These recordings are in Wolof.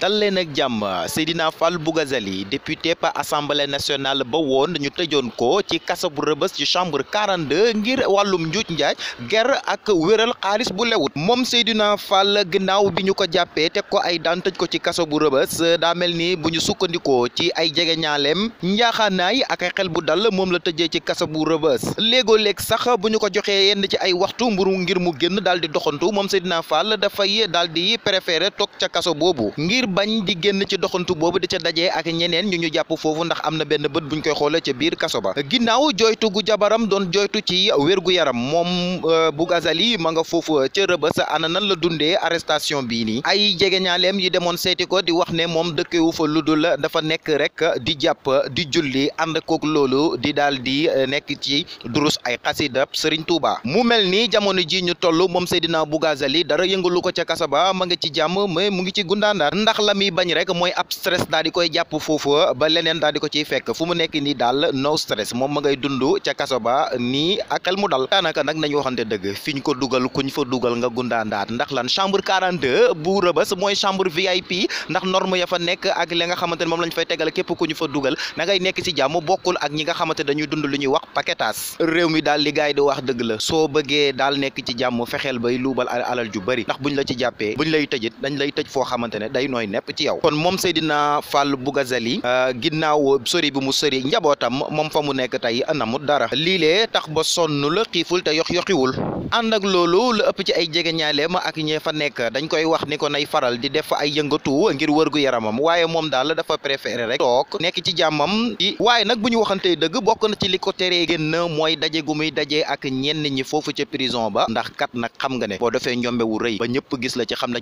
dal leen ak jàmm Seydina Fall Bougazali député par assemblée nationale ba woon ñu tëjoon ko ci kaso bu rëbës ci chambre 42 ngir wàllum njuuj njaaj ger ak wéral xaalis bu lewut moom Seydina fal ginnaaw bi ñu ko jàppee teg ko ay daan tëj ko ci kaso bu rëbës daa mel ni bu ñu sukkandikoo ci ay jege ñaaleem njaaxaanaay ak ay xel bu dal moom la tëjee ci kaso bu rëbës léegoo léeg sax bu ñu ko joxee yenn ci ay waxtu mburu ngir mu génn daal di doxantu moom Seydina Fall dafay daal di préféré toog ca kaso boobu ngir bañ di génn ci doxantu boobu di ca daje ak ñeneen ñu ñu jàpp foofu ndax am na benn bët buñ koy xoolee ca biir kaso ba ginnaaw joytu gu jabaram doon joytu ci wér-gu-yaram moom euh, Bougazali ma nga foofu euh, ca rëbës ana nan la dundee arrestation bii nii ay jegeñaaleem yi demoon seeti ko di wax ne moom dëkkewu fa lu dul dafa nekk rek di jàpp di julli ànd kook loolu di daal di euh, nekk ci durus ay xasida sëriñ Touba mu mel ni jamono ji ñu toll moom Seydina Bougazali dara yëngalu ko ca kaso ba ma nga ci jàmm mu ngi ci gundaandaar ndax la muy bañ rek mooy ab stress daal di koy jàpp foofu ba leneen daal ko ciy fekk fu mu nekk ni daal no stress moom ma ngay dund ca kaso ba nii akal mu dal daanaka nag nañu dëgg fi ñu ko dugal kuñ fa dugal nga gundaandaat ndax lan chambre 42 bu rëbës mooy chambre VIP ndax norme ya fa nekk ak li nga xamante ne moom lañ fay tegal képp ku ñu fa dugal na ngay nekk ci jàmm bokkul ak ñi nga xamante dañuy dund lu ñuy wax paquetage réew mi daal li gaay di wax dëgg la soo bëggee daal nekk ci jàmm fexeel bay luubal alal ju bari ndax buñ la ci jàppee buñ lay tëjit dañ lay tey nooy nepp ci yow kon moom Seydina Fall Bougazali euh, ginnaaw sori bi mu sori njabootam moom fa mu nekk tey anamut dara liilee tax ba sonn la xiiful te yox yoxiwul ànd ak loolu la ëpp ci ay jege ñaaleem ak ñee fa nekk dañ koy wax ni ko nay faral di def ay yëngatu ngir wërgu yaramam waaye moom daal dafa préféré rek toog nekk ci jàmmam ci waaye nag bu ñu waxantee dëgg bokk na ci li ko teree génn mooy daje gu muy daje ak ñenn ñi foofu ca prison ba ndax kat nag xam nga ne boo defee njombe wu rëy ba ñëpp gis la ci xam na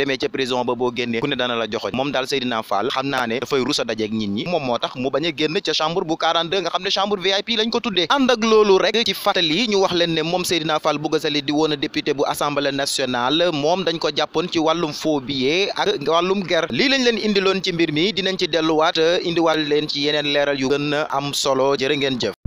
demee ca prison ba boo génnee ku dana la joxoñ moom daal Seydina Fall xam naa ne dafay rusa dajeek nit ñi moom moo tax mu bañ a ca chambre bu 42 nga xam ne chambre VIP lañ ko tuddee ànd ak rek ci fàttali ñu wax leen ne moom Seydina Fall Bougazelli di woon bu assemblée nationale moom dañ ko jàppoon ci wàllum faux billet ak ger lii lañ leen indiloon ci mbir mi ci delluwaat indiwaat leen ci yeneen leeral yu gën am solo jërë ngeen jëf